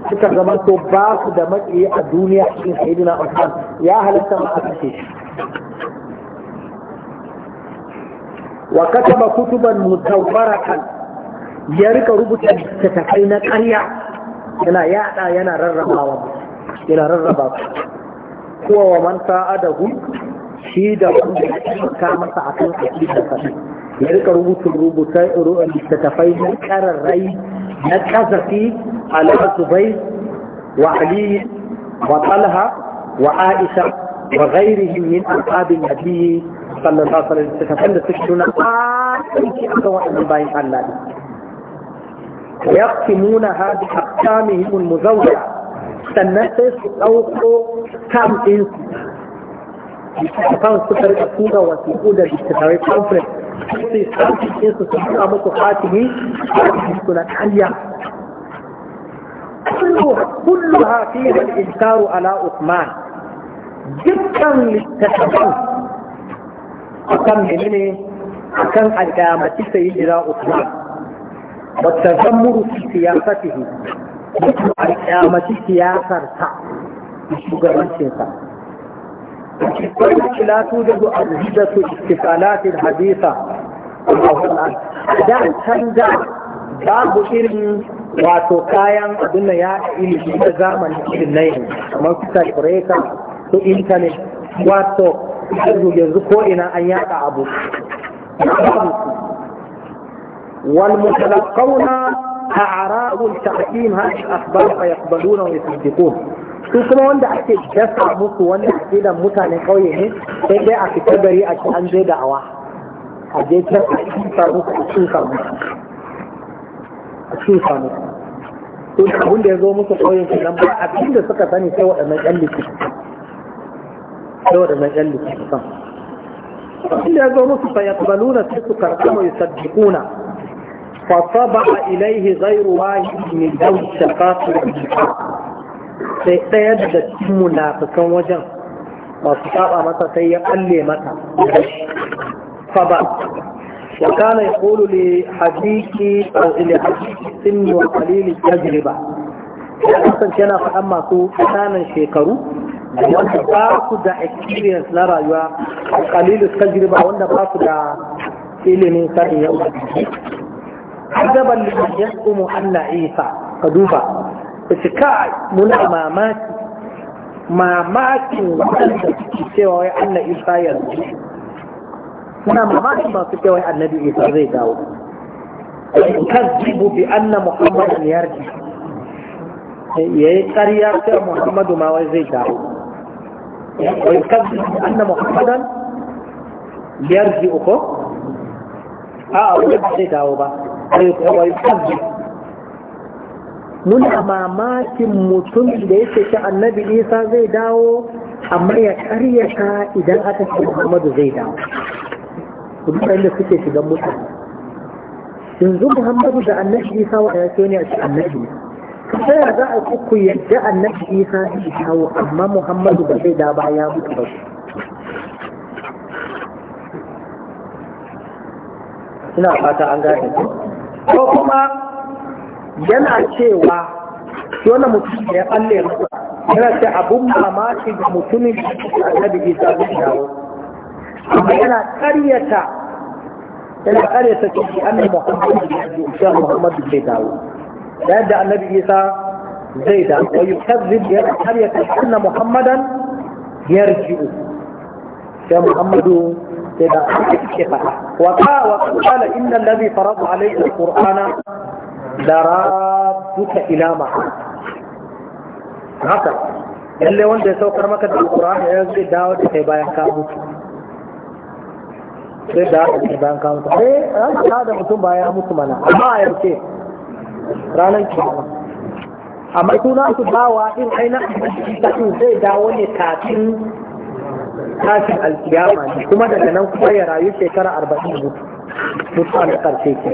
suka zama to ba su da matsayi a duniya cikin sayidina Usman ya halatta ma aka ce wa kataba kutuban mutawwaratan ya rika rubuta littattafai na ƙarya yana yada yana rarrabawa yana rarraba kuwa wa man hu shi da wanda ya ta masa akan aqidar sa ya rika rubuta rubuta littattafai na ƙararrai نكذفي على زبيد وعلي وطلحة وعائشة وغيرهم من أصحاب النبي صلى الله عليه وسلم تتفند تشتون آه أدواء من باين الله ويقسمونها بأقسامهم المزوجة سنتس أو كم إنسان يتفاوض سكر الأسودة وتقود الاتفاقية كونفرنس sai tsarkake su su nuna muku hatimi suna karya kullu hafi da inkaru ala Uthman dukkan littattafan akan menene akan alƙamaci sai jira Uthman wata zammuru siyasatihi alƙamaci siyasarsa shugabancinsa لا توجد أجهزة استفالات الحديثة da canza babu irin wato kayan abin da ya ilimi da zamanin irin na yanzu kamar su kalkureta su intanet wato yanzu yanzu ko ina an yada abu والمتلقون أعراض التحكيم هذه الأخبار فيقبلون ويصدقون su kuma wanda ake dasa musu wanda ake da mutane kauye ne sai dai a fita gari a ci an da awa a je ta a musu a cusa musu a cusa musu to da abin da ya zo musu kauyen su nan ba abin da suka sani sai waɗannan ƴan liki sai waɗannan ƴan san abin da ya zo musu fa yaqbaluna sai su karɓa mai saddiquna fa taba'a ilayhi ghayru wahid min dawi shaqaqi sai ɗaya daga cikin munafikan wajen masu saba masa sai ya kalle mata fa ba wa kana yaqulu li hadiki aw li hadiki sin wa qalil Ya kasan yana faɗan masu kananan shekaru wanda ba su da experience na rayuwa qalil tajriba wanda ba su da ilimin sani ya ubangiji ajaban li yasumu anna isa ka duba da shi kai muna mamaki mamakin waɗanda suke cewa wai Allah Isa yanzu muna mamakin masu cewa annabi Isa zai dawo kazzibu bi anna muhammadan yarji yayi ƙarya cewa muhammadu ma wai zai dawo wai kazzibu bi anna muhammadan yarji uku a'a wai ba zai dawo ba wai kazzibu muna mamakin mutum da yake ta annabi isa zai dawo amma ya karyata idan aka ce muhammadu zai dawo ku duka suke shigan mutane yanzu muhammadu da annabi isa wa ya ne a ce annabi ta yaya za a ku yadda annabi isa zai dawo amma muhammadu ba zai dawo ba ya mutu ba ina fata an gane ko kuma yana cewa wani mutum da ya falle masa yana ce abun mamaki ga mutumin da annabi isa zai dawo amma yana karyata yana karyata cikin annabi muhammadu da muhammadu zai dawo da yadda annabi isa zai dawo wa yukazzib yana karyata anna muhammadan yarji'u sai muhammadu da zai dawo wa qala inna Labi, faradu alayhi alqur'ana da ila ilama haka lalle wanda ya saukar maka da alqur'ani ya zai dawo da kai bayan ka sai da ce bayan ka mutu sai eh, an ta da mutum bayan ya mutu mana amma a yarke ranar kiyama amma suna su dawa a cikin na zai dawo ne kafin tashin alkiyama ne kuma daga nan kuma ya rayu shekara arba'in mutu mutu a ƙarshe ke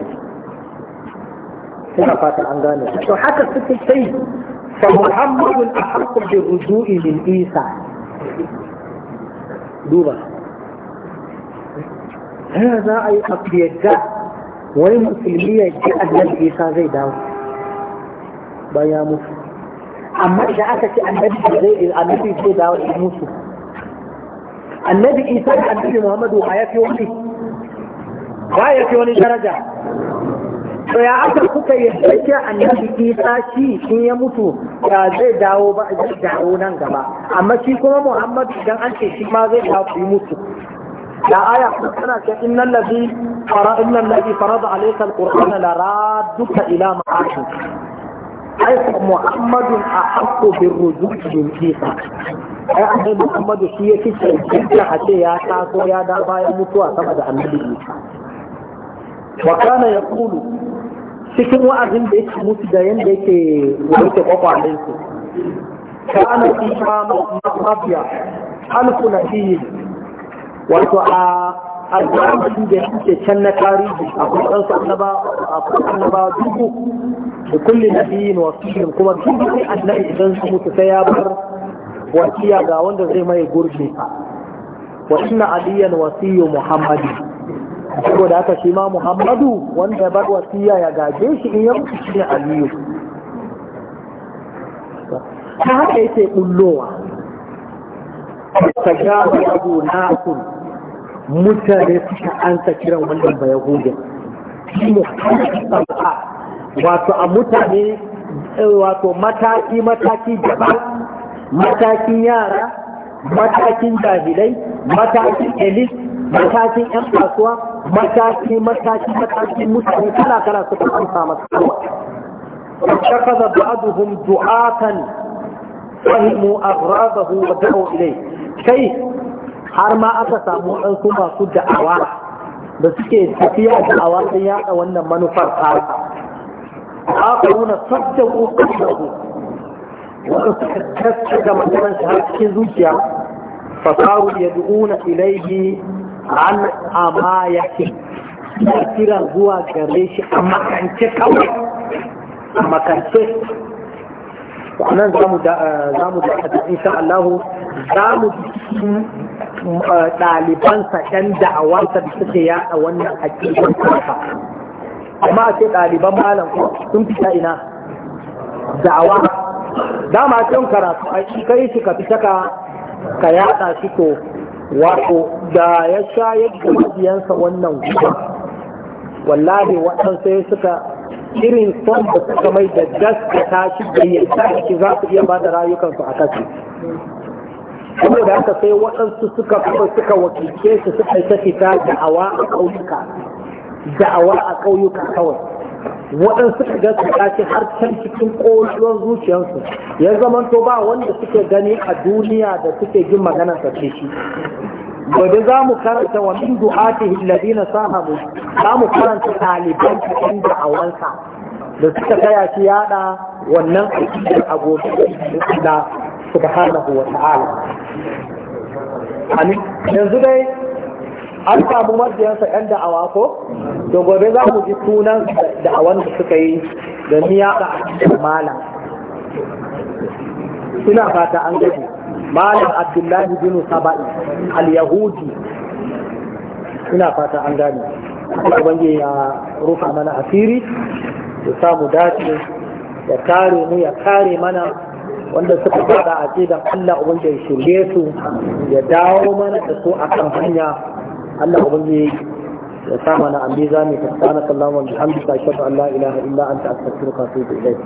ina fatan an gane to haka suke sai fa muhammadun ahaqqu bi ruju'i min isa duba haya za a yi afiyarda wani musulmi ya ji annabi isa zai dawo bayan mutu amma idan aka ce annabi zai annabi zai dawo in mutu annabi isa da annabi muhammadu a yafi wani ba ya fi wani daraja to ya aka kuka yarda ce annabi isa shi in ya mutu ba zai dawo ba zai dawo nan gaba amma shi kuma Muhammadu idan an ce shi ma zai dawo yi mutu da aya tana ce innal ladhi fara innal ladhi farada alayka alqur'ana la radduka ila ma'ashi ai muhammadun ahaqqu birruju'i min isa ai annabi muhammadu shi yake cewa a ce ya taso ya da bayan mutuwa sama da annabi isa wa kana kulu. cikin wa'azin da yake musu da yanda yake wuce kwakwalen su ana fi mafiya alfu na fiye wato a alƙarfi da yake can na tarihi a kusan su annaba a kusan ba dubu da na wasu wasiyin kuma dubu sai annabi idan su mutu sai ya bar wasiya ga wanda zai mai gurbin sa wa inna aliyan wasiyyu muhammadi saboda haka shi ma muhammadu wanda ya bar wasiya ya gaje shi in mutu shi ne aliyu ta haka yake ɓullowa, ta gaba abu na kun mutane suka ansa kiran wannan ba yahudin shi ne wato a mutane wato mataki mataki daban matakin yara matakin jahilai matakin elit matakin yan kasuwa mataki mataki mataki mutane kana kala suka amsa masa اتخذ بعضهم دعاة فهموا أغراضه ودعوا ilai. كيف har ma aka samu ɗansu masu da'awa da suke tafiya da'awa sun yada wannan manufar tsarsa aka nuna sabda ƙoƙon da ku shi har cikin zuciya fasaru ya du'una ilaihi an ama yake ya kira zuwa gare shi a makance kawai a makance nan za mu da insha Allah za mu eh, ɗalibansa ɗan da'awarsa da suke yaɗa wannan aƙidar kansa amma a ce ɗaliban malam sun fita ina da'awa dama can karatu a kai shi ka fita ka yada shi to wato da ya sha yadda mabiyansa wannan guba wallahi waɗansu sai suka irin son da suka mai da gaskata shi da yadda shi za su iya ba da rayukansu a kasu saboda haka sai waɗansu suka kuma suka wakilce su suka ta fita da'awa a ƙauyuka da'awa a ƙauyuka kawai waɗansu ka ga su har can cikin ƙololuwar zuciyarsu ya zama to ba wanda suke gani a duniya da suke jin maganar sa shi gobe za mu karanta wa min du'atihi alladhina sahabu za mu karanta ɗaliban cikin da'awansa da suka kaya shi yada wannan aikin a da subhanahu wa ta'ala yanzu dai an samu mabiyansa ƴan da'awa ko to gobe za mu ji sunan da'awan da suka yi da niyaɗa a cikin malam suna fata an gaji malam abdullahi bin saba'i al-yahudi suna fata an gane ubangiji ya rufa mana asiri ya samu dace ya kare mu ya kare mana wanda suka fada a cikin Allah ubangiji ya shirye su ya dawo mana da su a kan hanya Allah ubangiji ya sa mana an bi zami ta tsana kallon wani hamdu ta shaɗu Allah ilaha illa an ta astaghfiruka wa atubu ilayk